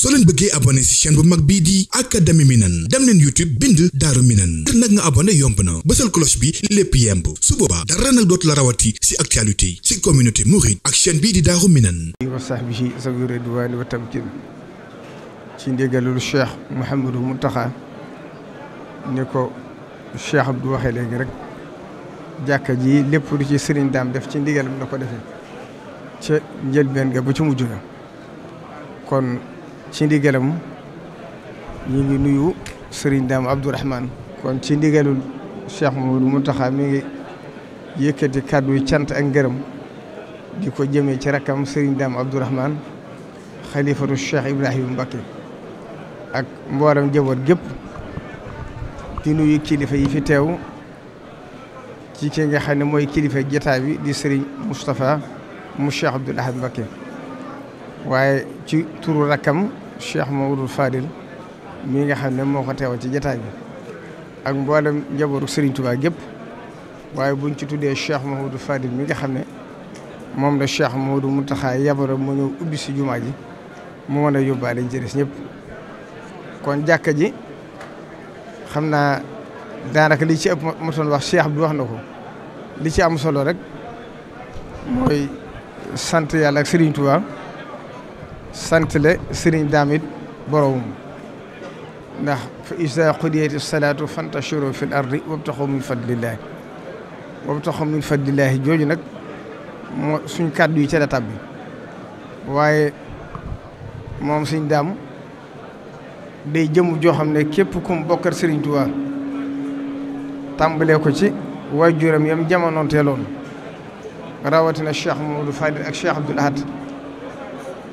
soo leen bëggee abonné ci chaîne bu mag bii di académie Minane dem leen YouTube bind Daaru Minane ngir nag nga abonné yomb na bësal cloche bi lépp yemb su boobaa dara nag dootu la rawati ci actualité ci communauté mouride ak chaîne bii di Daaru Minane wa sahbihi zawi ridwani wa tamkin ci ndigalul Cheikh Mouhamadou Mountakha ni ko Cheikh Abdou waxee léegi rek jàkka ji lépp lu ci sëriñ daam def ci ndigalam la ko defee ca njëlbeen ga ba ci mujj na kon ci ndigalam ñu ngi nuyu Serigne Dame Abdourahmane kon ci ndigalul Cheikh Mamadou Mountakha mi ngi yëkkati kàddu yu cant ak ngërëm di ko jëmee ci rakkam Serigne Dame Abdourahmane xalifatu Cheikh Ibrahima Mbacké ak mbooram jaboot gépp di nuyu kilifa yi fi teew ci ki nga xam ne mooy kilifa jotaay bi di Serigne Moustapha mu Cheikh Abdoul Ahad Mbacké waaye ci turu rakkam Cheikh Mamadou Fadil mi nga xam ne moo ko teew ci jataay bi ak mboolem njabootu Serigne Touba gépp waaye buñ ci tuddee Cheikh Mamadou Fadil mi nga xam ne moom la Cheikh Mamadou Mountakha yabara mu ñëw ubbi si jumaa ji mu mën a yóbbaale jërës ñëpp kon jàkka ji xam naa daanaka li ci ëpp ma wax Cheikh bi wax na ko li ci am solo rek mooy sant yàlla ak Serigne Touba. sant le sëriñ daam it boroom ndax fa isa qudiyati salaatu fantashiru fi l ardi wabtaxu min fadlillaahi wabtaxu min fadlillaahi jooju nag moo suñ kàddu yi ca la tàbbi waaye moom suñ daam day jëmu joo xam ne képp kum bokkar sëriñ Tuubaa tàmbalee ko ci waajuram yam jamonoonteeloon rawatina Cheikh Mamadou Fadil ak Cheikh Abdoul Ahad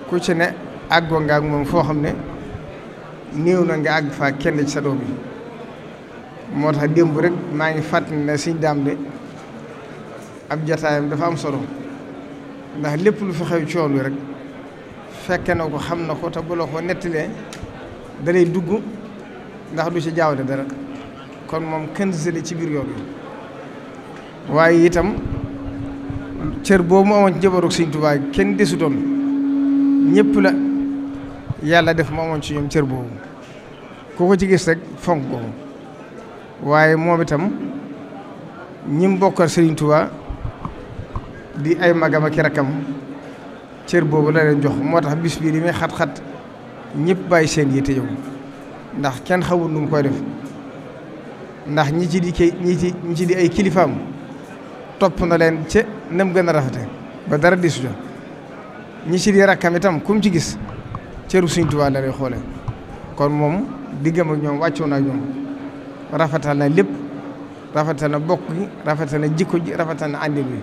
ku ci ne àggoo nga ak moom foo xam ne néew na nga àgg fa kenn ci sa doom bi moo tax démb rek maa ngi fàttali ne siñ daam de ab jataayam dafa am solo ndax lépp lu fi xew coow lu rek fekke na ko xam na ko te bu la ko nettalee da lay dugg ndax du ci jaawale dara kon moom kenn sële ci biir yoon waaye itam cër boobu mu amoon jabaru Sëñ Tuubaa kenn desutoon ñëpp la yàlla def mu amoon ci ñoom cër boobu ko ko ci gis rek fonk boobu waaye moom itam ñi mu bokkal Serigne di ay magam ak i rakkam cër boobu la leen jox moo tax bis bii yi may xat-xat ñëpp bàyyi seen yi te yow ndax kenn xamul nu mu koy def ndax ñi ci di kay ñi ci ñi ci di ay kilifaam topp na leen ca nem gën a rafete ba dara di jox ñi ci di rakkam itam kum ci gis cëru Sëriñ Tuubaa la lay xoole kon moom diggam ak ñoom wàccoon ak ñoom rafetal na lépp rafetal na bokk gi rafetal na jikko ji rafetal na àndin bi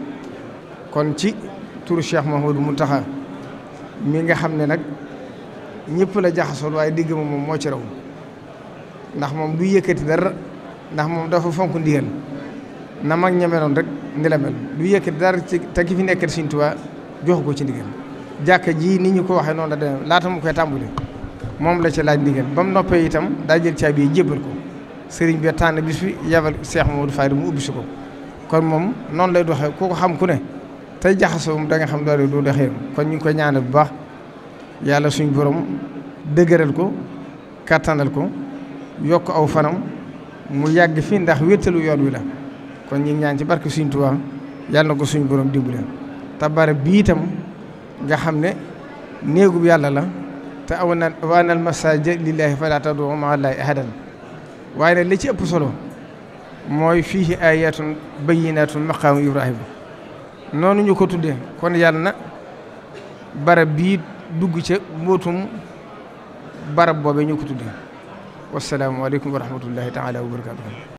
kon ci turu Cheikh Mouhamadou Mountakha mi nga xam ne nag ñëpp la jaxasoon waaye digg moom moo ci raw ndax moom du yëkkati dara ndax moom dafa fonk ndigal na mag ñemeloon rek ni la mel du yëkkati dara ci te ki fi nekkati Sëriñ Tuubaa jox ko ci ndigal jàkka ji ni ñu ko waxee noonu la demee laata mu koy tàmbali moom la ci laaj ndigal ba mu noppee itam daa jël caabi yi jébbal ko sëriñ bi tànn bis bi yabal Cheikh Mamadou Fadi mu ubbi ko kon moom noonu lay doxee ku xam ku ne tey jaxasoom da nga xam loolu du doxee kon ñu ngi koy ñaanal bu baax yàlla suñu borom dëgëral ko kattanal ko yokk aw fanam mu yàgg fii ndax wéttalu yoon wi la kon ñu ñaan ci barke suñu Tuubaa yàlla ko suñu borom dimbale te barab bi itam. nga xam ne néegub yàlla la te aw na wa anal masaajida lillaahi falaa tad'uu ma'a llaahi ahadan waaye nag li ci ëpp solo mooy fiihi aayaatun bayyinaatun maqaamu Ibrahima noonu ñu ko tuddee kon yàlla na barab bii dugg ca mbootum barab boobee ñu ko tuddee wasalaamualeykum wa rahmatullahi taala wa barakaatuh